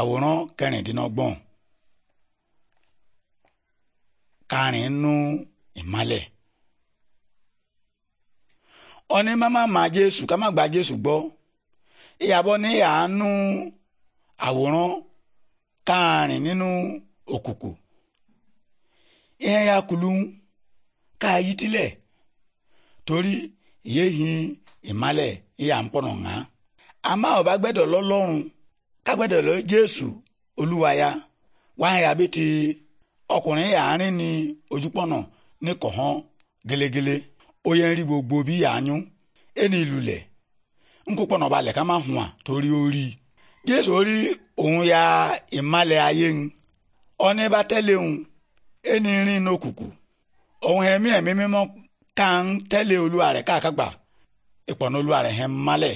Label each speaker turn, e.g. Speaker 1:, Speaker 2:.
Speaker 1: àwòrán kẹrìndínlọ́gbọ̀n kárìn nú ìmálẹ̀ ọní máma máa jésù ká má gba jésù gbọ́ ìyàbọ̀ ní àánú àwòrán kárìn nínú òkùnkùn ìyẹn ya kùlù ká yí tilẹ̀ torí ìyẹ́yìn ìmálẹ̀ ìyà ń pọ̀nà ńà àmọ́ ọ̀bá gbẹ́dọ̀ lọ́lọ́run. kabedgeso oluwaya oluwa ya beti ọkwụrụ iha nri ni ojukponọ n'ikohọ gịligịi oye nri bụ ogbobi ya anyụ elule nkwụkpọnbalị ka ahụwa tori ori jesu ori onwe ya ịmaliye oybatel einri naokwuku onwehe emeekan teli oluharị a akagba ịkpọolugari he mmali